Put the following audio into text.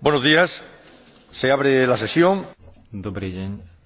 Buenos días. Se abre la sesión. Dobrý deň.